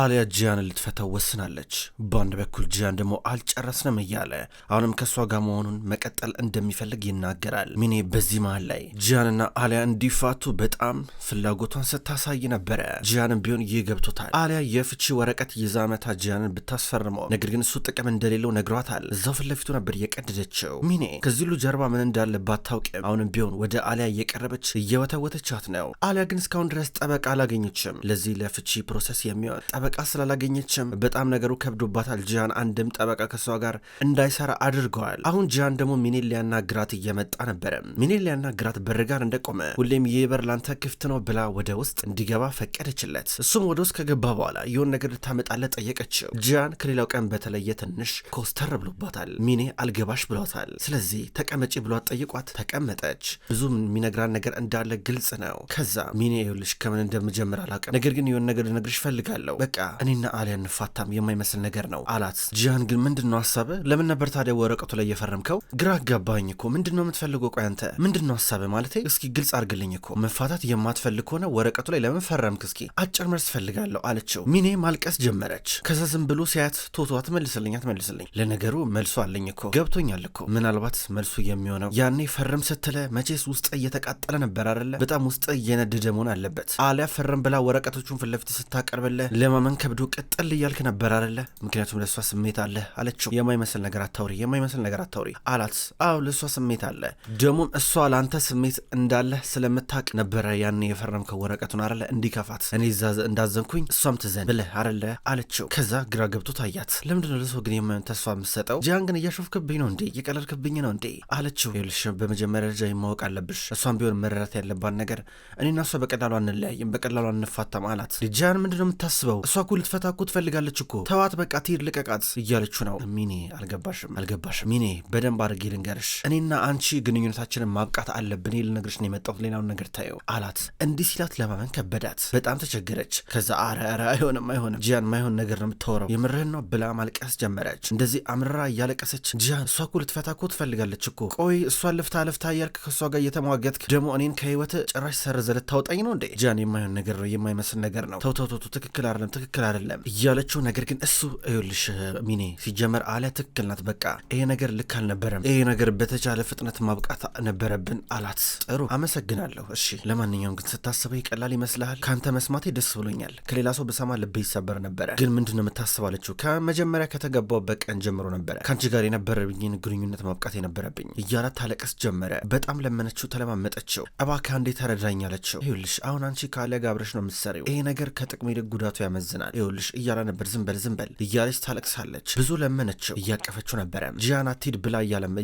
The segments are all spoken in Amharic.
አሊያ ጂያን ልትፈታው ወስናለች። በአንድ በኩል ጂያን ደግሞ አልጨረስንም እያለ አሁንም ከእሷ ጋር መሆኑን መቀጠል እንደሚፈልግ ይናገራል። ሚኔ በዚህ መሃል ላይ ጂያንና አሊያ እንዲፋቱ በጣም ፍላጎቷን ስታሳይ ነበረ። ጂያንም ቢሆን ይህ ገብቶታል። አሊያ የፍቺ ወረቀት ይዛ መታ ጂያንን ብታስፈርመው፣ ነገር ግን እሱ ጥቅም እንደሌለው ነግሯታል። እዛው ፊት ለፊቱ ነበር የቀደደችው። ሚኔ ከዚህ ሁሉ ጀርባ ምን እንዳለ ባታውቅም አሁንም ቢሆን ወደ አሊያ እየቀረበች እየወተወተቻት ነው። አሊያ ግን እስካሁን ድረስ ጠበቃ አላገኘችም። ለዚህ ለፍቺ ፕሮሰስ የሚሆን ጠበቃ ስላላገኘችም በጣም ነገሩ ከብዶባታል። ጂያን አንድም ጠበቃ ከሷ ጋር እንዳይሰራ አድርገዋል። አሁን ጂያን ደግሞ ሚኔል ሊያናግራት እየመጣ ነበረ። ሚኔል ሊያናግራት በር ጋር እንደቆመ ሁሌም ይህ በር ላንተ ክፍት ነው ብላ ወደ ውስጥ እንዲገባ ፈቀደችለት። እሱም ወደ ውስጥ ከገባ በኋላ የሆነ ነገር ልታመጣለት ጠየቀችው። ጂያን ከሌላው ቀን በተለየ ትንሽ ኮስተር ብሎባታል። ሚኔ አልገባሽ ብሏታል። ስለዚህ ተቀመጪ ብሏት ጠይቋት ተቀመጠች። ብዙ የሚነግራን ነገር እንዳለ ግልጽ ነው። ከዛ ሚኔ ይኸውልሽ ከምን እንደምጀምር አላውቅም፣ ነገር ግን የሆነ ነገር ልነግርሽ እፈልጋለሁ በቃ እኔና አሊያ እንፋታም የማይመስል ነገር ነው አላት። ጂያን ግን ምንድን ነው ሀሳብ? ለምን ነበር ታዲያ ወረቀቱ ላይ የፈረምከው? ግራ አጋባኝ እኮ ምንድን ነው የምትፈልገው? ቆይ አንተ ምንድን ነው ሀሳብ ማለት እስኪ ግልጽ አርግልኝ እኮ መፋታት የማትፈልግ ከሆነ ወረቀቱ ላይ ለምን ፈረምክ? እስኪ አጭር መልስ ፈልጋለሁ አለችው። ሚኔ ማልቀስ ጀመረች። ከዛ ዝም ብሎ ሲያት ቶቷ ትመልስልኝ አትመልስልኝ፣ ለነገሩ መልሶ አለኝ እኮ ገብቶኛል እኮ ምናልባት መልሱ የሚሆነው ያኔ ፈርም ስትለ መቼስ ውስጥ እየተቃጠለ ነበር አደለ? በጣም ውስጥ እየነደደ መሆን አለበት። አሊያ ፈርም ብላ ወረቀቶቹን ፊት ለፊት ስታቀርብለ ማመን ከብዶ ቀጠል እያልክ ነበር አለ። ምክንያቱም ለእሷ ስሜት አለ አለችው። የማይመስል ነገር አታውሪ፣ የማይመስል ነገር አታውሪ አላት። አዎ ለእሷ ስሜት አለ፣ ደግሞም እሷ ለአንተ ስሜት እንዳለ ስለምታውቅ ነበረ ያን የፈረምከው ወረቀቱን አለ። እንዲከፋት እኔ እንዳዘንኩኝ እሷም ትዘን ብለህ አለ አለችው። ከዛ ግራ ገብቶ ታያት። ለምንድነው ለሰው ግን ተስፋ የምትሰጠው? ጂያን ግን እያሾፍክብኝ ነው እንዴ? እየቀለልክብኝ ነው እንዴ አለችው። ይኸውልሽ በመጀመሪያ ደረጃ የማወቅ አለብሽ፣ እሷም ቢሆን መረዳት ያለባት ነገር እኔና እሷ በቀላሉ አንለያይም፣ በቀላሉ አንፋታም አላት። ጃን ምንድነው የምታስበው? እሷ እኮ ልትፈታ እኮ ትፈልጋለች እኮ ተዋት፣ በቃ ትሄድ ልቀቃት እያለችው ነው። ሚኔ አልገባሽም፣ አልገባሽም ሚኔ። በደንብ አድርጌ ልንገርሽ፣ እኔና አንቺ ግንኙነታችንን ማብቃት አለብን። ልነግርሽ ነው የመጣሁት፣ ሌላውን ነገር ታየው አላት። እንዲህ ሲላት ለማመን ከበዳት፣ በጣም ተቸገረች። ከዛ አረ አረ፣ አይሆንም፣ አይሆንም ጂያን፣ ማይሆን ነገር ነው የምታወራው፣ የምርህን ነው ብላ ማልቀስ ጀመረች። እንደዚህ አምርራ እያለቀሰች ጂያን፣ እሷ እኮ ልትፈታ እኮ ትፈልጋለች እኮ ቆይ፣ እሷን ልፍታ ልፍታ እያልክ ከእሷ ጋር እየተሟገትክ ደግሞ እኔን ከህይወት ጭራሽ ሰርዘ ልታወጣኝ ነው እንዴ? ጂያን፣ የማይሆን ነገር ነው፣ የማይመስል ነገር ነው። ተው ትክክል አይደለም ትክክል አይደለም እያለችው ነገር ግን እሱ ይኸውልሽ ሚኔ ሲጀመር አለ ትክክል ናት። በቃ ይሄ ነገር ልክ አልነበረም። ይሄ ነገር በተቻለ ፍጥነት ማብቃት ነበረብን አላት። ጥሩ አመሰግናለሁ። እሺ ለማንኛውም ግን ስታስበው ይቀላል ይመስልሃል? ከአንተ መስማቴ ደስ ብሎኛል። ከሌላ ሰው በሰማ ልብ ይሰበር ነበረ። ግን ምንድን ነው የምታስባለችው? ከመጀመሪያ ከተገባውበት ቀን ጀምሮ ነበረ ከአንቺ ጋር የነበረብኝን ግንኙነት ማብቃት የነበረብኝ እያላት ታለቀስ ጀመረ። በጣም ለመነችው፣ ተለማመጠችው። እባክህ አንዴ ተረዳኝ አለችው። ይኸውልሽ አሁን አንቺ ካለ ጋብረሽ ነው የምትሰሪው። ይሄ ነገር ከጥቅሜ ይልቅ ጉዳቱ ያመ ያሳዝናል። ይኸውልሽ እያለ ነበር። ዝም በል ዝም በል እያለች ታለቅሳለች። ብዙ ለመነችው፣ እያቀፈችው ነበረ። ጂያን አትሂድ ብላ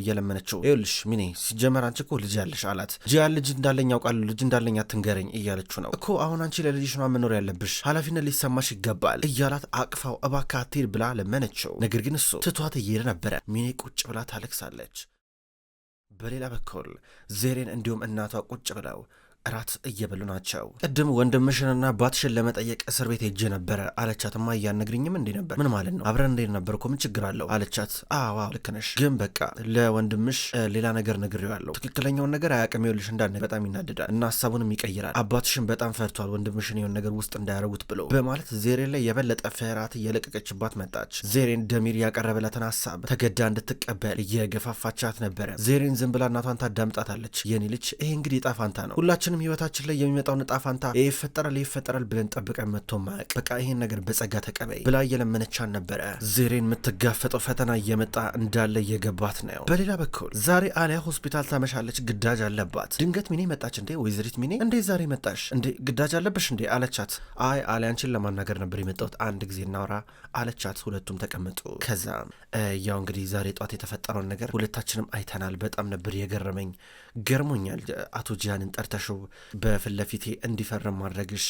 እየለመነችው፣ ይኸውልሽ ሚኔ ሲጀመር አንቺ እኮ ልጅ ያለሽ አላት። ጂያን ልጅ እንዳለኝ ያውቃሉ፣ ልጅ እንዳለኝ አትንገረኝ እያለችው ነው እኮ አሁን አንቺ ለልጅሽ ነው መኖር ያለብሽ፣ ኃላፊነት ሊሰማሽ ይገባል እያላት አቅፋው እባክህ አትሂድ ብላ ለመነችው። ነገር ግን እሱ ትቷት እየሄደ ነበረ። ሚኔ ቁጭ ብላ ታለቅሳለች። በሌላ በኩል ዜሬን እንዲሁም እናቷ ቁጭ ብለው እራት እየበሉ ናቸው። ቅድም ወንድምሽንና አባትሽን ለመጠየቅ እስር ቤት ሄጄ ነበረ አለቻትማ። እያነግርኝም እንዴ ነበር? ምን ማለት ነው? አብረን እንዴ ነበር እኮ ምን ችግር አለው አለቻት። አዋ ልክ ነሽ፣ ግን በቃ ለወንድምሽ ሌላ ነገር ነግሬዋለሁ። ትክክለኛውን ነገር አያውቅም። ይኸውልሽ እንዳነ በጣም ይናደዳል እና ሀሳቡንም ይቀይራል። አባትሽን በጣም ፈርቷል፣ ወንድምሽን የሆን ነገር ውስጥ እንዳያረጉት ብሎ በማለት ዜሬን ላይ የበለጠ ፍርሃት እየለቀቀችባት መጣች። ዜሬን ደሚር ያቀረበላትን ሀሳብ ተገዳ እንድትቀበል እየገፋፋቻት ነበረ። ዜሬን ዝም ብላ እናቷን ታዳምጣታለች። የኔ ልጅ ይሄ እንግዲህ ጣፋንታ ነው ሁላችንም ሁላችንም ህይወታችን ላይ የሚመጣው እጣ ፋንታ ይፈጠራል ይፈጠራል ብለን ጠብቀን መጥቶ ማያውቅ በቃ ይሄን ነገር በጸጋ ተቀበይ ብላ እየለመነቻን ነበረ። ዜሬን የምትጋፈጠው ፈተና እየመጣ እንዳለ እየገባት ነው። በሌላ በኩል ዛሬ አሊያ ሆስፒታል ታመሻለች፣ ግዳጅ አለባት። ድንገት ሚኔ መጣች። እንዴ ወይዘሪት ሚኔ እንዴ ዛሬ መጣሽ እንዴ ግዳጅ አለብሽ እንዴ አለቻት። አይ አሊያ ለማናገር ነበር የመጣሁት አንድ ጊዜ እናውራ አለቻት። ሁለቱም ተቀመጡ። ከዛም ያው እንግዲህ ዛሬ ጠዋት የተፈጠረውን ነገር ሁለታችንም አይተናል። በጣም ነበር የገረመኝ ገርሞኛል። አቶ ጂያንን ጠርተሽው በፊት ለፊቴ እንዲፈርም ማድረግሽ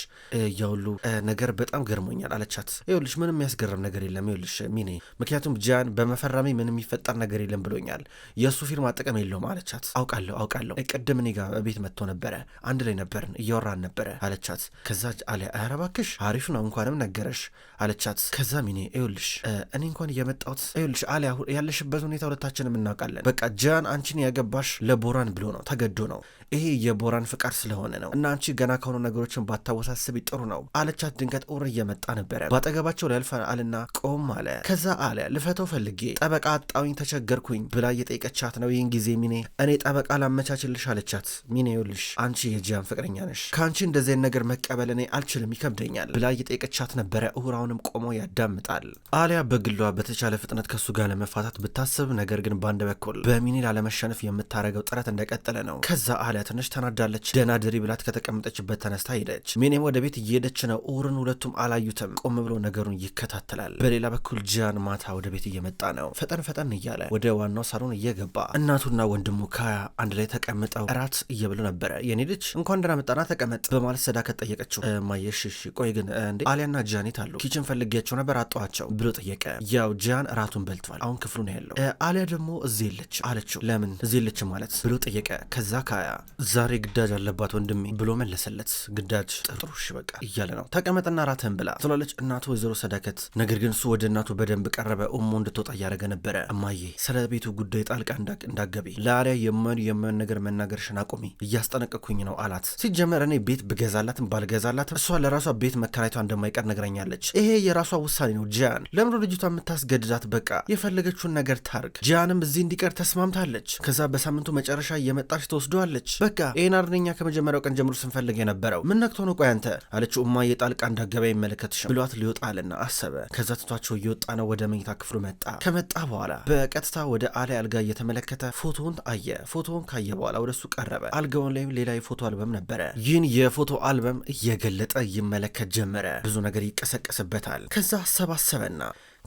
የሁሉ ነገር በጣም ገርሞኛል አለቻት። ይኸውልሽ ምንም የሚያስገርም ነገር የለም ይኸውልሽ ሚኔ፣ ምክንያቱም ጂያን በመፈረሜ ምንም የሚፈጠር ነገር የለም ብሎኛል። የእሱ ፊርማ ጥቅም የለውም አለቻት። አውቃለሁ አውቃለሁ፣ ቅድም እኔ ጋር ቤት መጥቶ ነበረ፣ አንድ ላይ ነበርን፣ እያወራን ነበረ አለቻት። ከዛ አለ ኧረ እባክሽ አሪፍ ነው እንኳንም ነገረሽ አለቻት። ከዛ ሚኔ ይኸውልሽ እኔ እንኳን የመጣሁት ይኸውልሽ አለ ያለሽበት ሁኔታ ሁለታችንም እናውቃለን። በቃ ጂያን አንቺን ያገባሽ ለቦራን ብሎ ነው ነው፣ ተገዶ ነው። ይሄ የቦራን ፍቃድ ስለሆነ ነው እና አንቺ ገና ከሆኑ ነገሮችን ባታወሳስቢ ጥሩ ነው አለቻት። ድንገት ኡር እየመጣ ነበረ። በአጠገባቸው ሊያልፍ አልና ቆም አለ። ከዛ አለ ልፈተው ፈልጌ ጠበቃ አጣውኝ ተቸገርኩኝ ብላ እየጠየቀቻት ነው። ይህን ጊዜ ሚኔ እኔ ጠበቃ ላመቻችልሽ አለቻት። ሚኔ ይኸውልሽ አንቺ የጂያን ፍቅረኛ ነሽ፣ ከአንቺ እንደዚህን ነገር መቀበል እኔ አልችልም፣ ይከብደኛል ብላ እየጠየቀቻት ነበረ። እሁራውንም ቆሞ ያዳምጣል። አሊያ በግሏ በተቻለ ፍጥነት ከሱ ጋር ለመፋታት ብታስብ፣ ነገር ግን በአንድ በኩል በሚኔ ላለመሸነፍ የምታደርገው ጥረት እንደቀጠለ ነው። ከዛ አለ ማሊያ ትንሽ ተናዳለች። ደህና ድሪ ብላት ከተቀመጠችበት ተነስታ ሄደች። ሜኔም ወደ ቤት እየሄደች ነው። እውርን ሁለቱም አላዩትም። ቆም ብሎ ነገሩን ይከታተላል። በሌላ በኩል ጂያን ማታ ወደ ቤት እየመጣ ነው። ፈጠን ፈጠን እያለ ወደ ዋናው ሳሎን እየገባ እናቱና ወንድሙ ከያ አንድ ላይ ተቀምጠው እራት እየበሉ ነበረ። የኔ ልጅ እንኳን ደህና መጣና ተቀመጥ በማለት ሰዳከት ጠየቀችው። ማየሽሽ ቆይ ግን እንዴ አሊያና ጂያን የት አሉ? ኪችን ፈልጌያቸው ነበር አጠዋቸው ብሎ ጠየቀ። ያው ጂያን እራቱን በልቷል። አሁን ክፍሉ ነው ያለው። አሊያ ደግሞ እዚህ የለች አለችው። ለምን እዚህ የለች ማለት ብሎ ጠየቀ። ከዛ ከያ ዛሬ ግዳጅ አለባት ወንድሜ ብሎ መለሰለት። ግዳጅ ጥሩሽ በቃ እያለ ነው ተቀመጥና ራትህን ብላ ትላለች እናቱ ወይዘሮ ሰዳከት። ነገር ግን እሱ ወደ እናቱ በደንብ ቀረበ። እሞ እንድትወጣ እያደረገ ነበረ። እማዬ ስለ ቤቱ ጉዳይ ጣልቃ እንዳገቢ ለአሊያ የማን የማን ነገር መናገርሽን አቁሚ እያስጠነቀኩኝ ነው አላት። ሲጀመር እኔ ቤት ብገዛላትም ባልገዛላትም እሷ ለራሷ ቤት መከራየቷ እንደማይቀር ነግረኛለች። ይሄ የራሷ ውሳኔ ነው። ጂያን ለምዶ ልጅቷ የምታስገድዳት? በቃ የፈለገችውን ነገር ታርግ። ጂያንም እዚህ እንዲቀር ተስማምታለች። ከዛ በሳምንቱ መጨረሻ እየመጣች ተወስደዋለች። በቃ ይህን አርነኛ ከመጀመሪያው ቀን ጀምሮ ስንፈልግ የነበረው ምን ነክቶ ነው? ቆይ አንተ አለችው። እማዬ ጣልቃ እንዳገባ ይመለከትሽም ብሏት ሊወጣልና አሰበ። ከዛ ትቷቸው እየወጣ ነው። ወደ መኝታ ክፍሉ መጣ። ከመጣ በኋላ በቀጥታ ወደ አሊያ አልጋ እየተመለከተ ፎቶውን አየ። ፎቶውን ካየ በኋላ ወደ እሱ ቀረበ። አልጋውን ላይም ሌላ የፎቶ አልበም ነበረ። ይህን የፎቶ አልበም እየገለጠ ይመለከት ጀመረ። ብዙ ነገር ይቀሰቀስበታል። ከዛ አሰባሰበና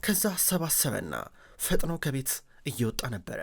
ከዛ አሰባሰበና ፈጥኖ ከቤት እየወጣ ነበረ።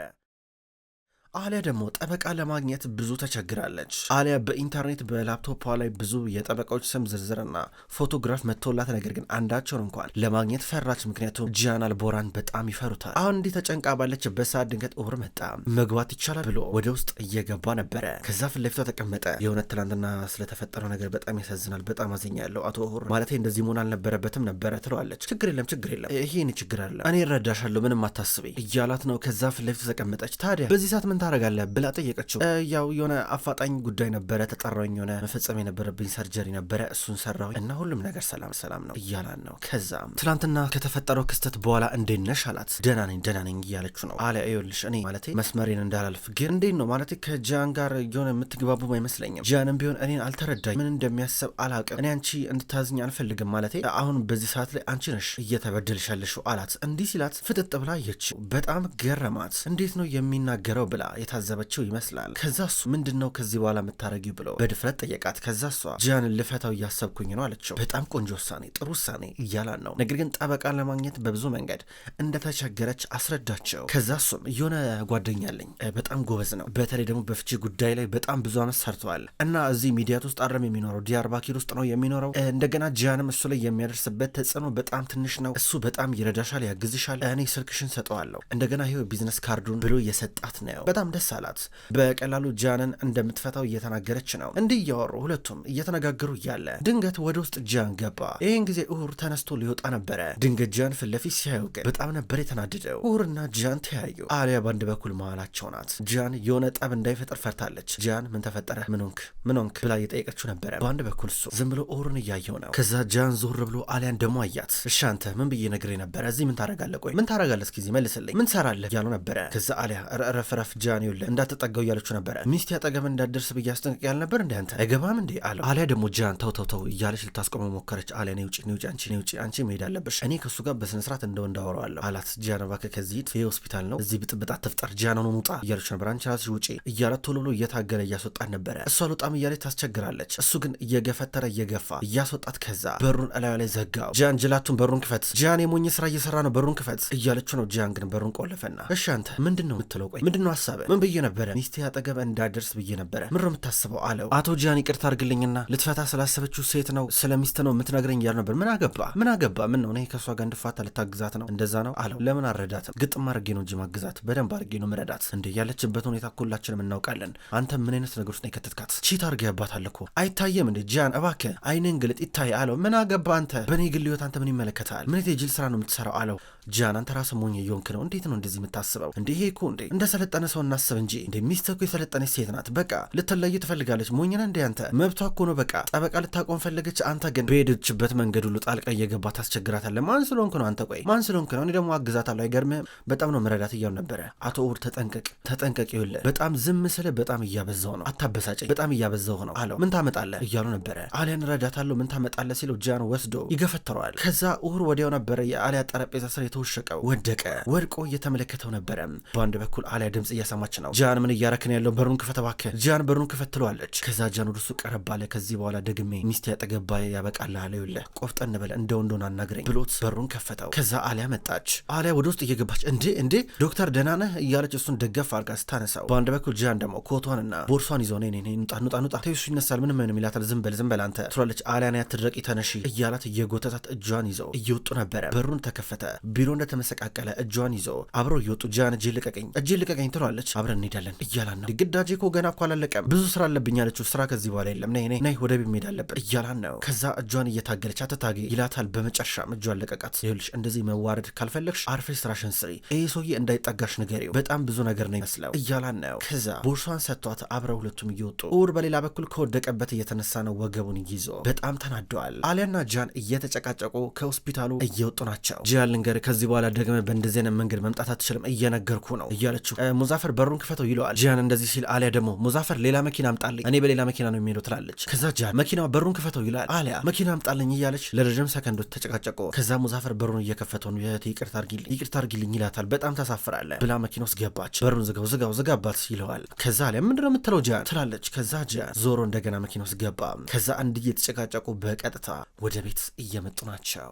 አሊያ ደግሞ ጠበቃ ለማግኘት ብዙ ተቸግራለች። አሊያ በኢንተርኔት በላፕቶፕ ላይ ብዙ የጠበቃዎች ስም ዝርዝርና ፎቶግራፍ መጥቶላት ነገር ግን አንዳቸውን እንኳን ለማግኘት ፈራች። ምክንያቱም ጂያናል ቦራን በጣም ይፈሩታል። አሁን እንዲህ ተጨንቃ ባለች በሰዓት ድንገት ኦር መጣ። መግባት ይቻላል ብሎ ወደ ውስጥ እየገባ ነበረ። ከዛ ፊት ለፊቷ ተቀመጠ። የእውነት ትላንትና ስለተፈጠረው ነገር በጣም ያሳዝናል። በጣም አዝኛለሁ አቶ ኦር፣ ማለት እንደዚህ መሆን አልነበረበትም ነበረ ትለዋለች። ችግር የለም ችግር የለም ይህን ችግር አለ እኔ እረዳሻለሁ፣ ምንም አታስቢ እያላት ነው። ከዛ ፊት ተቀመጠች። ታዲያ በዚህ ሰዓት ምን ምን ታደርጋለህ ብላ ጠየቀችው። ያው የሆነ አፋጣኝ ጉዳይ ነበረ ተጠራኝ፣ የሆነ መፈጸም የነበረብኝ ሰርጀሪ ነበረ እሱን ሰራሁኝ እና ሁሉም ነገር ሰላም ሰላም ነው እያላን ነው። ከዛም ትናንትና ከተፈጠረው ክስተት በኋላ እንዴት ነሽ አላት። ደህና ነኝ ደህና ነኝ እያለችው ነው አለ። ይኸውልሽ እኔ ማለቴ መስመሬን እንዳላልፍ ግን እንዴት ነው ማለቴ ከጃን ጋር የሆነ የምትግባቡም አይመስለኝም። ጃንም ቢሆን እኔን አልተረዳኝ፣ ምን እንደሚያሰብ አላውቅም። እኔ አንቺ እንድታዝኝ አልፈልግም ማለቴ አሁን በዚህ ሰዓት ላይ አንቺ ነሽ እየተበደልሻለሽው አላት። እንዲህ ሲላት ፍጥጥ ብላ አየችው። በጣም ገረማት። እንዴት ነው የሚናገረው ብላ የታዘበችው ይመስላል። ከዛ እሱ ምንድን ነው ከዚህ በኋላ የምታረጊው ብለው በድፍረት ጠየቃት። ከዛ እሷ ጂያንን ልፈታው እያሰብኩኝ ነው አለችው። በጣም ቆንጆ ውሳኔ፣ ጥሩ ውሳኔ እያላን ነው። ነገር ግን ጠበቃ ለማግኘት በብዙ መንገድ እንደተቸገረች አስረዳቸው። ከዛ እሱም የሆነ ጓደኛ አለኝ በጣም ጎበዝ ነው፣ በተለይ ደግሞ በፍቺ ጉዳይ ላይ በጣም ብዙ አመት ሰርተዋል እና እዚህ ሚዲያት ውስጥ አረም የሚኖረው ዲያርባኪር ውስጥ ነው የሚኖረው። እንደገና ጂያንም እሱ ላይ የሚያደርስበት ተጽዕኖ በጣም ትንሽ ነው። እሱ በጣም ይረዳሻል፣ ያግዝሻል። እኔ ስልክሽን ሰጠዋለሁ። እንደገና ይሄው ቢዝነስ ካርዱን ብሎ የሰጣት ነው። በጣም ደስ አላት። በቀላሉ ጃንን እንደምትፈታው እየተናገረች ነው። እንዲህ እያወሩ ሁለቱም እየተነጋገሩ እያለ ድንገት ወደ ውስጥ ጃን ገባ። ይህን ጊዜ እሁር ተነስቶ ሊወጣ ነበረ። ድንገት ጃን ፊት ለፊት ሲያየው ግን በጣም ነበር የተናደደው። እሁርና ጃን ተያዩ። አሊያ በአንድ በኩል መዋላቸው ናት። ጃን የሆነ ጠብ እንዳይፈጥር ፈርታለች። ጃን ምን ተፈጠረ? ምን ሆንክ? ብላ እየጠየቀችው ነበረ። በአንድ በኩል እሱ ዝም ብሎ እሁርን እያየው ነው። ከዛ ጃን ዞር ብሎ አሊያን ደሞ አያት። እሺ አንተ ምን ብዬ ነግሬ ነበረ? እዚህ ምን ታረጋለህ? ቆይ ምን ታረጋለህ? እስኪ መልስልኝ፣ ምን ሰራለህ? እያሉ ነበረ። ከዛ አሊያ ረፍረፍ ጃን ይኸውልህ እንዳትጠጋው እያለችው ነበረ። ሚስት ያጠገብ እንዳደርስ ብዬ አስጠንቅቅ ያልነበር እንደ አንተ አይገባም እንዴ አለው። አሊያ ደግሞ ጃን ተው ተው ተው እያለች ልታስቆመው ሞከረች። አሊያ ነይ ውጪ፣ ነይ ውጪ፣ አንቺ ነይ ውጪ፣ አንቺ መሄድ አለብሽ። እኔ ከእሱ ጋር በስነ እንደው እንዳወራዋለሁ አላት። ጃን እባክህ ከዚህ ሂድ፣ ሆስፒታል ነው፣ እዚህ ብጥብጥ አትፍጠር፣ ጃን ሆኖ ውጣ እያለች ነበር። አንቺ ራስሽ ውጪ እያለት ቶሎ ብሎ እየታገለ እያስወጣት ነበረ። እሷ አልወጣም እያለች ታስቸግራለች። እሱ ግን እየገፈተረ እየገፋ እያስወጣት፣ ከዛ በሩን እላዩ ላይ ዘጋው። ጃን ጅላቱን በሩን ክፈት፣ ጃን የሞኝ ስራ እየሰራ ነው፣ በሩን ክፈት እያለችው ነው። ጃን ግን በሩን ቆለፈና እሺ አንተ ምንድን ነው የምትለው? ቆይ ምንድን ነው ሀሳብ አሰበ። ምን ብዬ ነበረ ሚስቴ አጠገብ እንዳደርስ ብዬ ነበረ። ምን ነው የምታስበው አለው። አቶ ጃን ይቅርታ አድርግልኝና ልትፈታ ስላሰበችው ሴት ነው ስለ ሚስት ነው የምትነግረኝ እያሉ ነበር። ምን አገባ ምን አገባ? ምን ነው እኔ ከእሷ ጋር እንድፋታ ልታግዛት ነው? እንደዛ ነው አለው። ለምን አረዳትም? ግጥም አድርጌ ነው እንጂ ማግዛት በደንብ አድርጌ ነው መረዳት። እንዴ ያለችበት ሁኔታ ሁላችንም እናውቃለን። አንተ ምን አይነት ነገሮች ነው የከተትካት? ቺት አድርገህባታል እኮ አይታየም እንዴ ጃን እባክህ አይንን ግልጥ ይታይ አለው። ምን አገባ አንተ በእኔ ግል ህይወት አንተ ምን ይመለከታል? ምን የጅል ስራ ነው የምትሰራው አለው። ጂያን አንተ ራስህ ሞኝ እየሆንክ ነው። እንዴት ነው እንደዚህ የምታስበው? እንዲ ይሄ እኮ እንዴ እንደ ሰለጠነ ሰው እናስብ እንጂ እንደ ሚስትህ እኮ የሰለጠነች ሴት ናት። በቃ ልትለዩ ትፈልጋለች። ሞኝ ነህ እንዴ አንተ? መብቷ እኮ ነው። በቃ ጠበቃ ልታቆም ፈለገች። አንተ ግን በሄደችበት መንገድ ሁሉ ጣልቃ እየገባ ታስቸግራታለ። ማን ስለሆንክ ነው አንተ? ቆይ ማን ስለሆንክ ነው? እኔ ደግሞ አግዛታለሁ። አይገርምህም? በጣም ነው መረዳት እያሉ ነበረ። አቶ ኡር ተጠንቀቅ፣ ተጠንቀቅ። ይኸውልህ በጣም ዝም ስለ በጣም እያበዛው ነው። አታበሳጨኝ። በጣም እያበዛው ነው አለው። ምን ታመጣለህ እያሉ ነበረ። አሊያን ረዳታለሁ፣ ምን ታመጣለህ ሲለው ጃን ወስዶ ይገፈትረዋል። ከዛ ኡር ወዲያው ነበረ የአሊያ ጠረጴዛ ስር ተወሸቀው ወደቀ። ወድቆ እየተመለከተው ነበረ። በአንድ በኩል አሊያ ድምፅ እያሰማች ነው። ጃን ምን እያረክን ያለው በሩን ክፈት እባክህ። ጃን በሩን ክፈት ትለዋለች። ከዛ ጃን ወደሱ ቀረብ አለ። ከዚህ በኋላ ደግሜ ሚስት ያጠገባ ያበቃል አለ። ይለ ቆፍጠን በለ እንደው እንደሆነ አናግረኝ ብሎት በሩን ከፈተው። ከዛ አሊያ መጣች። አሊያ ወደ ውስጥ እየገባች እንዴ እንዴ ዶክተር ደህና ነህ እያለች እሱን ደገፍ አርጋ ስታነሳው፣ በአንድ በኩል ጃን ደግሞ ኮቷንና ቦርሷን ይዞ ኔ ኑጣ ኑጣ ኑጣ ተይሱ ይነሳል ምንም ምንም ይላታል። ዝም በል ዝም በል አንተ ትሏለች። አሊያን ያትድረቂ ተነሺ እያላት እየጎተታት እጇን ይዘው እየወጡ ነበረ። በሩን ተከፈተ። ቢሮ ቢሮ እንደተመሰቃቀለ እጇን ይዞ አብሮ እየወጡ ጃን እጅ ልቀቀኝ፣ እጅ ልቀቀኝ ትሏለች። አብረን እንሄዳለን እያላን ነው። ግዳጅ እኮ ገና እኮ አላለቀም፣ ብዙ ስራ አለብኝ አለችው። ስራ ከዚህ በኋላ የለም፣ ነይ ነይ ወደ ቤት መሄድ አለብን እያላን ነው። ከዛ እጇን እየታገለች አትታገ ይላታል። በመጨረሻም እጇን ለቀቃት። ይኸውልሽ እንደዚህ መዋረድ ካልፈለግሽ አርፈሽ ስራሽን ስሪ፣ ይህ ሰውዬ እንዳይጠጋሽ ንገሪው፣ በጣም ብዙ ነገር ነው ይመስለው እያላን ነው። ከዛ ቦርሷን ሰጥቷት አብረው ሁለቱም እየወጡ ኡር በሌላ በኩል ከወደቀበት እየተነሳ ነው ወገቡን ይዞ በጣም ተናደዋል። አሊያና ጃን እየተጨቃጨቁ ከሆስፒታሉ እየወጡ ናቸው። ጃን ልንገርህ ከዚህ በኋላ ደግመ በእንደዚህ አይነት መንገድ መምጣት አትችልም፣ እየነገርኩ ነው እያለችው ሙዛፈር በሩን ክፈተው ይለዋል። ጂያን እንደዚህ ሲል አሊያ ደግሞ ሙዛፈር ሌላ መኪና አምጣልኝ፣ እኔ በሌላ መኪና ነው የሚሄደው ትላለች። ከዛ ጂያን መኪና በሩን ክፈተው ይለዋል። አሊያ መኪና አምጣልኝ እያለች ለረዥም ሰከንዶች ተጨቃጨቁ። ከዛ ሙዛፈር በሩን እየከፈተው ነው ይቅርታ አርጊልኝ ይቅርታ አርጊልኝ ይላታል። በጣም ታሳፍራለ ብላ መኪና ውስጥ ገባች። በሩን ዝጋው፣ ዝጋው፣ ዝጋባት ይለዋል። ከዛ አሊያ ምንድነው የምትለው ጂያን ትላለች። ከዛ ጂያን ዞሮ እንደገና መኪና ውስጥ ገባ። ከዛ አንድ እየተጨቃጨቁ በቀጥታ ወደ ቤት እየመጡ ናቸው።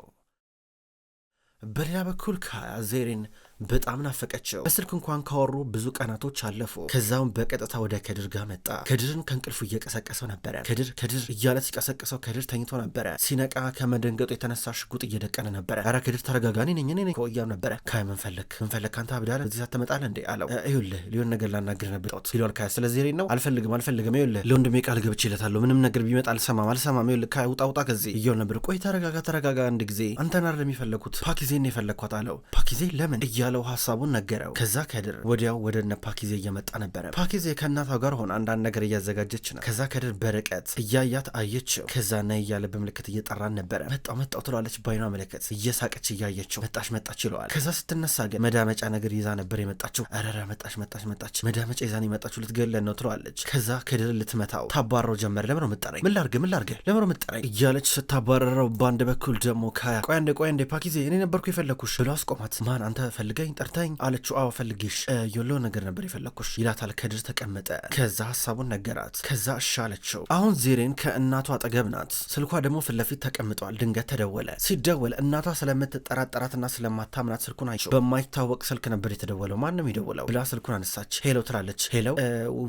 بەرنامە کورک هاە زێرین በጣም ናፈቀችው። በስልክ እንኳን ካወሩ ብዙ ቀናቶች አለፉ። ከዛውም በቀጥታ ወደ ከድር ጋር መጣ። ከድርን ከእንቅልፉ እየቀሰቀሰው ነበረ። ከድር ከድር እያለ ሲቀሰቀሰው ከድር ተኝቶ ነበረ። ሲነቃ ከመደንገጡ የተነሳ ሽጉጥ እየደቀነ ነበረ። ኧረ ከድር ተረጋጋኒ ነኝ እኔ እኮ እያሉ ነበረ። ካይ ምንፈለግ ምንፈለግ ካንተ አብዳለ እዚህ ሰዓት ትመጣለህ እንዴ አለው። ይኸውልህ ሊሆን ነገር ላናግር ነበር ይለዋል። ካይ ስለዚህ ሬ ነው አልፈልግም አልፈልግም ይኸውልህ ለወንድሜ ቃል ይለታለሁ። ምንም ነገር ቢመጣ አልሰማም አልሰማም ይኸውልህ ካይ ውጣ ውጣ ከዚህ እያሉ ነበር። ቆይ ተረጋጋ ተረጋጋ አንድ ጊዜ አንተን አይደል የሚፈለግኩት ፓኪዜን ነው የፈለግኳት አለው። ፓኪዜ ለምን እያ እያለው ሀሳቡን ነገረው። ከዛ ከድር ወዲያው ወደ እነ ፓኪዜ እየመጣ ነበረ። ፓኪዜ ከእናቷ ጋር ሆነ አንዳንድ ነገር እያዘጋጀች ነው። ከዛ ከድር በርቀት እያያት አየችው። ከዛ ነ እያለ በምልክት እየጠራን ነበረ። መጣው መጣው ትሏለች በአይኗ ምልክት እየሳቀች እያየችው መጣች መጣች ይለዋል። ከዛ ስትነሳ ግን መዳመጫ ነገር ይዛ ነበር የመጣችው። ረረ መጣች መጣች መጣች መዳመጫ ይዛን የመጣችው ልትገለን ነው ትሏለች። ከዛ ከድር ልትመታው ታባረው ጀመር። ለምነው ምጠረኝ ምን ላርግ ምን ላርግ ምጠረኝ እያለች ስታባረረው፣ በአንድ በኩል ደግሞ ከያ ቆይ አንዴ ቆይ አንዴ ፓኪዜ እኔ ነበርኩ የፈለግኩሽ ብሎ አስቆማት። ማን አንተ ፈልግ ፈልገኝ ጠርታኝ አለችው። አዎ ፈልጌሽ የሎ ነገር ነበር የፈለግኩሽ ይላታል። ከድር ተቀመጠ። ከዛ ሀሳቡን ነገራት። ከዛ እሺ አለችው። አሁን ዜሬን ከእናቷ አጠገብ ናት። ስልኳ ደግሞ ፊት ለፊት ተቀምጧል። ድንገት ተደወለ። ሲደወል እናቷ ስለምትጠራጠራትና ስለማታምናት ስልኩን አይቸው። በማይታወቅ ስልክ ነበር የተደወለው። ማንም ይደውለው ብላ ስልኩን አነሳች። ሄሎ ትላለች። ሄለው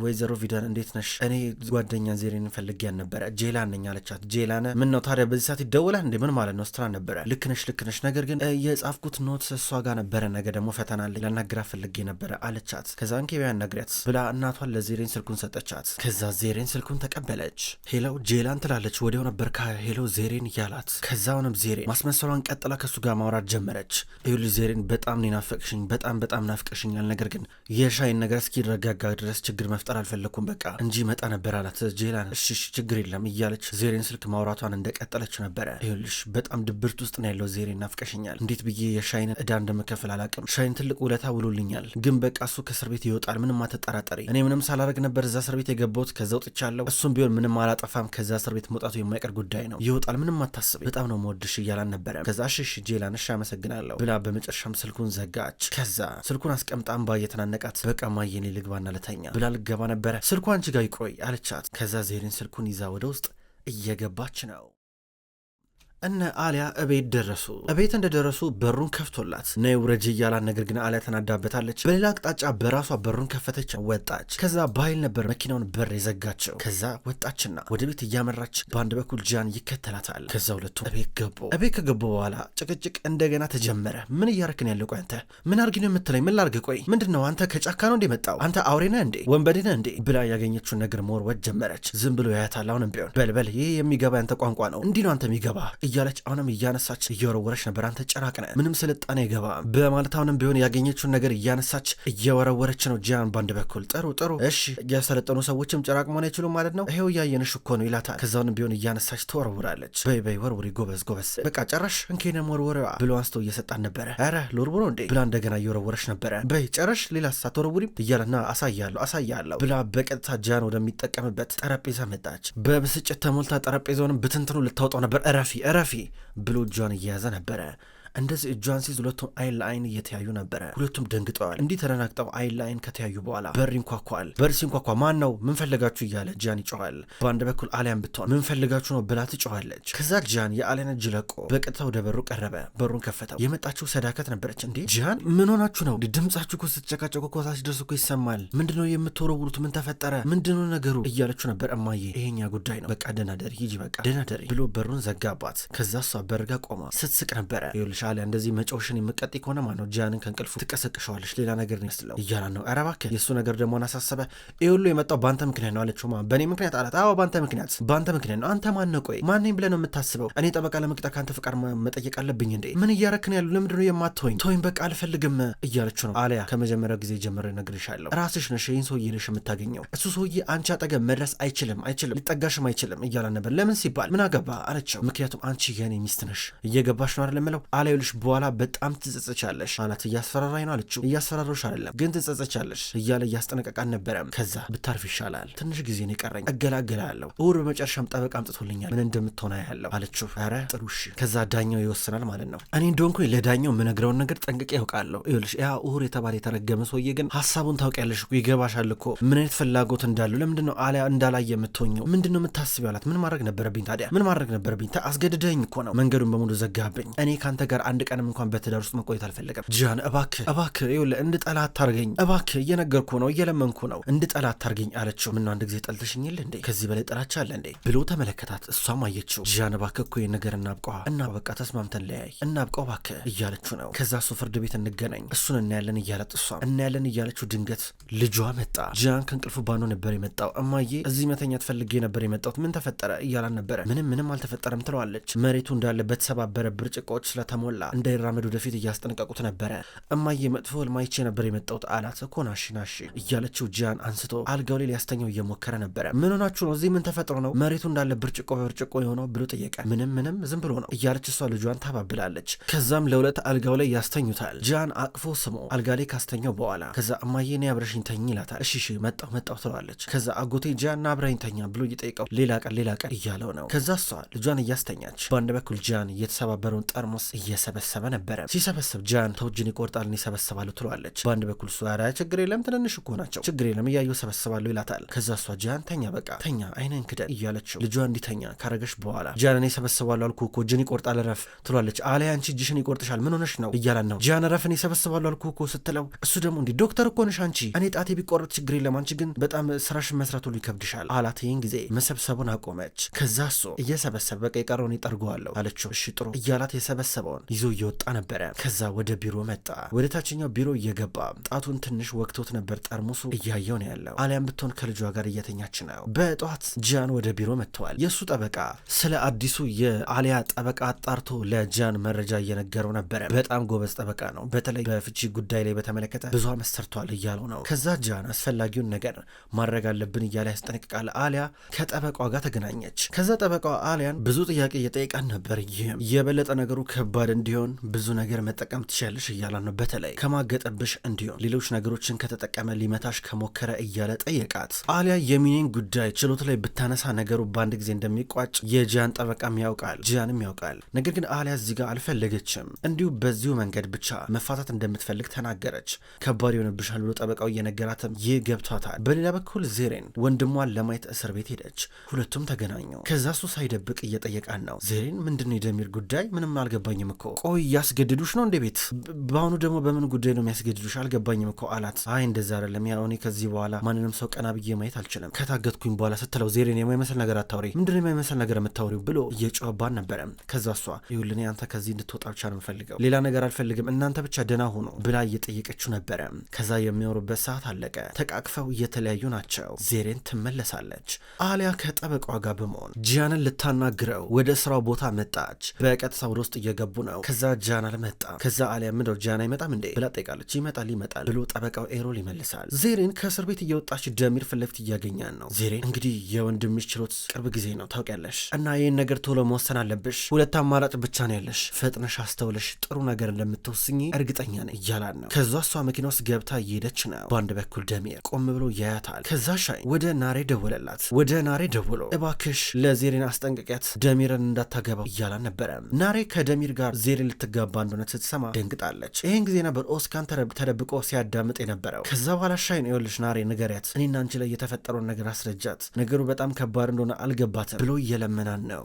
ወይዘሮ ቪደን እንዴት ነሽ? እኔ ጓደኛ ዜሬን ፈልጊያን ነበረ ጄላን ነኝ አለቻት። ጄላነ ምን ነው ታዲያ በዚህ ሰዓት ይደወላል እንዴ? ምን ማለት ነው ስትላ ነበረ። ልክነሽ ልክነሽ፣ ነገር ግን የጻፍኩት ኖት እሷ ጋር ነበረ ነገ ደግሞ ፈተና አለኝ ላናግራ ፈልጌ ነበረ አለቻት። ከዛ እንኬ ያናግሪያት ብላ እናቷን ለዜሬን ስልኩን ሰጠቻት። ከዛ ዜሬን ስልኩን ተቀበለች። ሄለው ጄላን ትላለች። ወዲያው ነበር ከሄለው ዜሬን እያላት። ከዛውንም ዜሬ ማስመሰሏን ቀጥላ ከሱ ጋር ማውራት ጀመረች። ይኸውልሽ ዜሬን በጣም ነው ናፈቅሽኝ፣ በጣም በጣም ናፍቀሽኛል። ነገር ግን የሻይን ነገር እስኪረጋጋ ድረስ ችግር መፍጠር አልፈለግኩም በቃ እንጂ መጣ ነበር አላት። ጄላን እሺ ችግር የለም እያለች ዜሬን ስልክ ማውራቷን እንደቀጠለች ነበረ። ይኸውልሽ በጣም ድብርት ውስጥ ነው ያለው ዜሬን፣ ናፍቀሽኛል። እንዴት ብዬ የሻይን እዳ እንደምከፍል አላቅም። ሻይን ትልቅ ውለታ ውሎልኛል። ግን በቃ እሱ ከእስር ቤት ይወጣል፣ ምንም አትጠራጠሪ። እኔ ምንም ሳላረግ ነበር እዛ እስር ቤት የገባሁት፣ ከዛ ወጥቻለሁ። እሱም ቢሆን ምንም አላጠፋም። ከዛ እስር ቤት መውጣቱ የማይቀር ጉዳይ ነው። ይወጣል፣ ምንም አታስብ፣ በጣም ነው መወድሽ እያላን ነበረ። ከዛ ሽሽ ጄላንሽ አመሰግናለሁ ብላ በመጨረሻም ስልኩን ዘጋች። ከዛ ስልኩን አስቀምጣም ባ እየተናነቃት በቃ ማየኔ ልግባና ልተኛ ብላ ልገባ ነበረ። ስልኩ አንቺ ጋር ይቆይ አለቻት። ከዛ ዜሬን ስልኩን ይዛ ወደ ውስጥ እየገባች ነው። እነ አሊያ እቤት ደረሱ። እቤት እንደደረሱ በሩን ከፍቶላት ነይ ውረጅ እያላን፣ ነገር ግን አሊያ ተናዳበታለች። በሌላ አቅጣጫ በራሷ በሩን ከፈተች፣ ወጣች። ከዛ በኃይል ነበር መኪናውን በር የዘጋቸው። ከዛ ወጣችና ወደ ቤት እያመራች በአንድ በኩል ጃን ይከተላታል። ከዛ ሁለቱ እቤት ገቡ። እቤት ከገቡ በኋላ ጭቅጭቅ እንደገና ተጀመረ። ምን እያረክን ያለ? ቆይ አንተ ምን አርግ ነው የምትለኝ? ምን ላርግ? ቆይ ምንድን ነው አንተ ከጫካ ነው እንዴ መጣው? አንተ አውሬነ እንዴ ወንበዴነ እንዴ ብላ ያገኘችውን ነገር መወርወት ጀመረች። ዝም ብሎ ያያታል። አሁንም ቢሆን በልበል፣ ይህ የሚገባ ያንተ ቋንቋ ነው፣ እንዲህ ነው አንተ የሚገባ እያለች አሁንም እያነሳች እየወረወረች ነበር። አንተ ጨራቅነ ምንም ስልጣኔ ይገባ በማለት አሁንም ቢሆን ያገኘችውን ነገር እያነሳች እየወረወረች ነው። ጂያን ባንድ በኩል ጥሩ ጥሩ፣ እሺ ያሰለጠኑ ሰዎችም ጭራቅ መሆን አይችሉም ማለት ነው። ይሄው እያየንሽ እኮ ነው ይላታል። ከዛውንም ቢሆን እያነሳች ትወረውራለች። በይ በይ ወርውሪ፣ ጎበዝ ጎበዝ፣ በቃ ጨረሽ እንኬንም ወርወሪዋ ብሎ አንስቶ እየሰጣን ነበረ። ኧረ ሎርቡሮ እንዴ ብላ እንደገና እየወረወረች ነበረ። በይ ጨረሽ፣ ሌላ ሳ ሳትወረውሪም እያለና አሳያለሁ አሳያለሁ ብላ በቀጥታ ጂያን ወደሚጠቀምበት ጠረጴዛ መጣች። በብስጭት ተሞልታ ጠረጴዛውንም ብትንትኑ ልታወጣው ነበር። እረፊ እረፊ ብሎ እጇን እየያዘ ነበረ። እንደዚህ እጇን ሲዝ ሁለቱም አይን ለአይን እየተያዩ ነበረ። ሁለቱም ደንግጠዋል። እንዲህ ተደናግጠው አይን ለአይን ከተያዩ በኋላ በር ይንኳኳል። በር ሲንኳኳ ማን ነው ምን ፈልጋችሁ እያለ ጃን ይጮኋል። በአንድ በኩል አሊያን ብትሆን ምን ፈልጋችሁ ነው ብላ ትጮኋለች። ከዛ ጃን የአሊያን እጅ ለቆ በቀጥታ ወደ በሩ ቀረበ። በሩን ከፈተው። የመጣችው ሰዳከት ነበረች። እንዴ ጃን ምን ሆናችሁ ነው? ድምጻችሁ እኮ ስትጨቃጨቁ እኮ ታስደርስ እኮ ይሰማል። ምንድነው የምትወረውሩት? ምን ተፈጠረ? ምንድነው ነገሩ? እያለችሁ ነበር። እማዬ ይሄኛ ጉዳይ ነው፣ በቃ ደናደሪ ሂጂ፣ በቃ ደናደሪ ብሎ በሩን ዘጋባት። ከዛ እሷ በርጋ ቆማ ስትስቅ ነበረ። ካለ እንደዚህ መጫወሽን የምቀጥ ከሆነ ማ ነው ጃንን ከእንቅልፉ ትቀሰቅሸዋለች። ሌላ ነገር ነው ይመስለው እያላን ነው። ኧረ እባክህ የእሱ ነገር ደግሞ አሳሰበ። ይህ ሁሉ የመጣው በአንተ ምክንያት ነው አለችው። ማ በእኔ ምክንያት አላት። አዎ በአንተ ምክንያት በአንተ ምክንያት ነው። አንተ ማነው? ቆይ ማነኝ ብለህ ነው የምታስበው? እኔ ጠበቃ ለመቅጠር ከአንተ ፍቃድ መጠየቅ አለብኝ እንዴ? ምን እያረክን ያሉ ነው የማትወኝ? ተወኝ በቃ አልፈልግም እያለችው ነው። አሊያ ከመጀመሪያው ጊዜ ጀምሮ እነግርሻለሁ ራስሽ ነሽ ይህን ሰውዬ ነሽ የምታገኘው። እሱ ሰውዬ አንቺ አጠገብ መድረስ አይችልም አይችልም ሊጠጋሽም አይችልም እያላን ነበር። ለምን ሲባል ምን አገባ አለችው። ምክንያቱም አንቺ የኔ ሚስት ነሽ። እየገባሽ ነው አይደል የምለው ይኸውልሽ በኋላ በጣም ትጸጸቻለሽ አላት። እያስፈራራኝ ነው አለችው። እያስፈራሮሽ አይደለም ግን ትጸጸቻለሽ እያለ እያስጠነቀቅ ነበረም። ከዛ ብታርፍ ይሻላል፣ ትንሽ ጊዜ ነው የቀረኝ፣ እገላገላለሁ። እሑድ በመጨረሻም ጠበቃ አምጥቶልኛል፣ ምን እንደምትሆን ያለው አለችው። ኧረ ጥሩ እሺ። ከዛ ዳኛው ይወስናል ማለት ነው። እኔ እንደሆንኩ ለዳኛው የምነግረውን ነገር ጠንቅቄ ያውቃለሁ። ይኸውልሽ ያ እሑድ የተባለ የተረገመ ሰውዬ ግን ሀሳቡን ታውቂያለሽ እኮ ይገባሻል እኮ ምን አይነት ፍላጎት እንዳለው ለምንድን አሊያ እንዳላየ የምትሆኘው ምንድነው ነው የምታስቢው አላት። ምን ማድረግ ነበረብኝ ታዲያ? ምን ማድረግ ነበረብኝ? አስገድደኝ እኮ ነው። መንገዱን በሙሉ ዘጋብኝ። እኔ ከአንተ ጋር ነገር አንድ ቀንም እንኳን በትዳር ውስጥ መቆየት አልፈለገም። ጂያን እባክ እባክህ ይኸውልህ እንድጠላ አታርገኝ፣ እባክ፣ እየነገርኩ ነው እየለመንኩ ነው እንድጠላ አታርገኝ አለችው። ምነው አንድ ጊዜ ጠልተሽኛል እንዴ? ከዚህ በላይ ጥላቻ አለ እንዴ? ብሎ ተመለከታት። እሷም አየችው። ጃን እባክ እኮ ነገር እናብቀዋ እና በቃ ተስማምተን ለያይ እናብቀው እባክ እያለችው ነው። ከዛ እሱ ፍርድ ቤት እንገናኝ እሱን እናያለን እያለት እሷም እናያለን እያለችው ድንገት ልጇ መጣ። ጃን ከእንቅልፉ ባኖ ነበር የመጣው። እማዬ እዚህ መተኛ ትፈልጌ ነበር የመጣሁት ምን ተፈጠረ እያላን ነበረ። ምንም ምንም አልተፈጠረም ትለዋለች። መሬቱ እንዳለ በተሰባበረ ብርጭቆዎች ስለተሞ ሁላ እንዳይራመድ ወደፊት እያስጠነቀቁት ነበረ። እማዬ መጥፎ ልማይቼ ነበር የመጣሁት አላት እኮ ናሺ እያለችው ጂያን አንስቶ አልጋው ላይ ሊያስተኛው እየሞከረ ነበረ። ምን ሆናችሁ ነው? እዚህ ምን ተፈጥሮ ነው? መሬቱ እንዳለ ብርጭቆ በብርጭቆ የሆነው ብሎ ጠየቀ። ምንም ምንም ዝም ብሎ ነው እያለች እሷ ልጇን ታባብላለች። ከዛም ለሁለት አልጋው ላይ ያስተኙታል። ጂያን አቅፎ ስሞ አልጋ ላይ ካስተኛው በኋላ ከዛ እማዬ እኔ አብረሽኝ ተኝ ይላታል። እሺ እሺ መጣሁ መጣሁ ትለዋለች። ከዛ አጎቴ ጂያን ና አብረኝ ተኛ ብሎ እየጠየቀው ሌላ ቀን ሌላ ቀን እያለው ነው። ከዛ እሷ ልጇን እያስተኛች በአንድ በኩል ጂያን እየተሰባበረውን ጠርሙስ እየ እየሰበሰበ ነበረ። ሲሰበሰብ ጃን ተውጅን ይቆርጣል ይቆርጣልን ይሰበስባሉ ትለዋለች። በአንድ በኩል እሷ ኧረ ችግር የለም ትንንሽ እኮ ናቸው ችግር የለም እያየሁ ሰበስባለሁ ይላታል። ከዛ እሷ ጃን ተኛ በቃ ተኛ አይነን ክደን እያለችው ልጇ እንዲተኛ ካረገች በኋላ ጃን እኔ ሰበስባለሁ አልኩ እኮ እጅን ይቆርጣል ረፍ ትሏለች። አሊያ አንቺ እጅሽን ይቆርጥሻል ምን ሆነሽ ነው እያላን ነው። ጃን ረፍን ይሰበስባለሁ አልኩ እኮ ስትለው እሱ ደግሞ እንዲህ ዶክተር እኮ ነሽ አንቺ እኔ ጣቴ ቢቆረጥ ችግር የለም አንቺ ግን በጣም ስራሽን መስራት ሁሉ ይከብድሻል አላት። ይህን ጊዜ መሰብሰቡን አቆመች። ከዛ እሱ እየሰበሰብ በቃ የቀረውን ይጠርገዋለሁ አለችው። እሺ ጥሩ እያላት የሰበሰበውን ይዞ እየወጣ ነበረ። ከዛ ወደ ቢሮ መጣ። ወደ ታችኛው ቢሮ እየገባ ጣቱን ትንሽ ወቅቶት ነበር። ጠርሙሱ እያየው ነው ያለው። አሊያም ብትሆን ከልጇ ጋር እየተኛች ነው። በጠዋት ጂያን ወደ ቢሮ መጥተዋል። የእሱ ጠበቃ ስለ አዲሱ የአሊያ ጠበቃ አጣርቶ ለጂያን መረጃ እየነገረው ነበረ። በጣም ጎበዝ ጠበቃ ነው። በተለይ በፍቺ ጉዳይ ላይ በተመለከተ ብዙ ዓመት ሰርቷል እያለው ነው። ከዛ ጂያን አስፈላጊውን ነገር ማድረግ አለብን እያለ ያስጠነቅቃል። አሊያ ከጠበቋ ጋር ተገናኘች። ከዛ ጠበቃ አሊያን ብዙ ጥያቄ እየጠየቃን ነበር። ይህም የበለጠ ነገሩ ከባድ እንዲሆን ብዙ ነገር መጠቀም ትችያለሽ እያለ ነው። በተለይ ከማገጠብሽ እንዲሆን ሌሎች ነገሮችን ከተጠቀመ ሊመታሽ ከሞከረ እያለ ጠየቃት። አሊያ የሚኔን ጉዳይ ችሎት ላይ ብታነሳ ነገሩ በአንድ ጊዜ እንደሚቋጭ የጂያን ጠበቃም ያውቃል፣ ጂያንም ያውቃል። ነገር ግን አሊያ እዚህ ጋር አልፈለገችም። እንዲሁ በዚሁ መንገድ ብቻ መፋታት እንደምትፈልግ ተናገረች። ከባድ ይሆንብሻል ብሎ ጠበቃው እየነገራትም ይህ ገብቷታል። በሌላ በኩል ዜሬን ወንድሟን ለማየት እስር ቤት ሄደች። ሁለቱም ተገናኙ። ከዛ እሱ ሳይደብቅ እየጠየቃን ነው። ዜሬን ምንድን ነው የደሚር ጉዳይ ምንም አልገባኝም እኮ ቆይ ያስገድዱሽ ነው እንደ ቤት በአሁኑ ደግሞ በምን ጉዳይ ነው የሚያስገድዱሽ አልገባኝም እኮ አላት። አይ እንደዛ አይደለም ያው እኔ ከዚህ በኋላ ማንንም ሰው ቀና ብዬ ማየት አልችልም ከታገትኩኝ በኋላ ስትለው ዜሬን የማይመስል ነገር አታውሪ፣ ምንድን የማይመስል ነገር የምታውሪው ብሎ እየጨባን ነበረ። ከዛ እሷ ይሁልን አንተ ከዚህ እንድትወጣ ብቻ ነው የምፈልገው ሌላ ነገር አልፈልግም፣ እናንተ ብቻ ደህና ሁኑ ብላ እየጠየቀችው ነበረ። ከዛ የሚኖሩበት ሰዓት አለቀ። ተቃቅፈው እየተለያዩ ናቸው። ዜሬን ትመለሳለች። አሊያ ከጠበቋ ጋር በመሆን ጂያንን ልታናግረው ወደ ስራው ቦታ መጣች። በቀጥታ ወደ ውስጥ እየገቡ ነው። ነው። ከዛ ጃን አልመጣም፣ ከዛ አሊያ ምንደው ጃን አይመጣም እንዴ ብላ ጠይቃለች። ይመጣል ይመጣል ብሎ ጠበቃው ኤሮል ይመልሳል። ዜሬን ከእስር ቤት እየወጣች ደሚር ፊት ለፊት እያገኛን ነው። ዜሬን እንግዲህ የወንድምሽ ችሎት ቅርብ ጊዜ ነው ታውቂያለሽ፣ እና ይህን ነገር ቶሎ መወሰን አለብሽ። ሁለት አማራጭ ብቻ ነው ያለሽ፣ ፈጥነሽ አስተውለሽ ጥሩ ነገር እንደምትወስኝ እርግጠኛ ነኝ እያላን ነው። ከዛ እሷ መኪና ውስጥ ገብታ እየሄደች ነው። በአንድ በኩል ደሚር ቆም ብሎ ያያታል። ከዛ ሻይ ወደ ናሬ ደወለላት። ወደ ናሬ ደውሎ እባክሽ ለዜሬን አስጠንቀቂያት ደሚርን እንዳታገባው እያላን ነበረ። ናሬ ከደሚር ጋር ዜሬ ልትጋባ እንደሆነ ስትሰማ ደንግጣለች። ይህን ጊዜ ነበር ኦስካን ተደብቆ ሲያዳምጥ የነበረው። ከዛ በኋላ ሻይን ይኸውልሽ ናሬ ንገሪያት፣ እኔና አንቺ ላይ የተፈጠረውን ነገር አስረጃት፣ ነገሩ በጣም ከባድ እንደሆነ አልገባትም ብሎ እየለመናን ነው።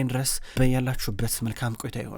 እስክንገናኝ ድረስ በያላችሁበት መልካም ቆይታ ይሆን።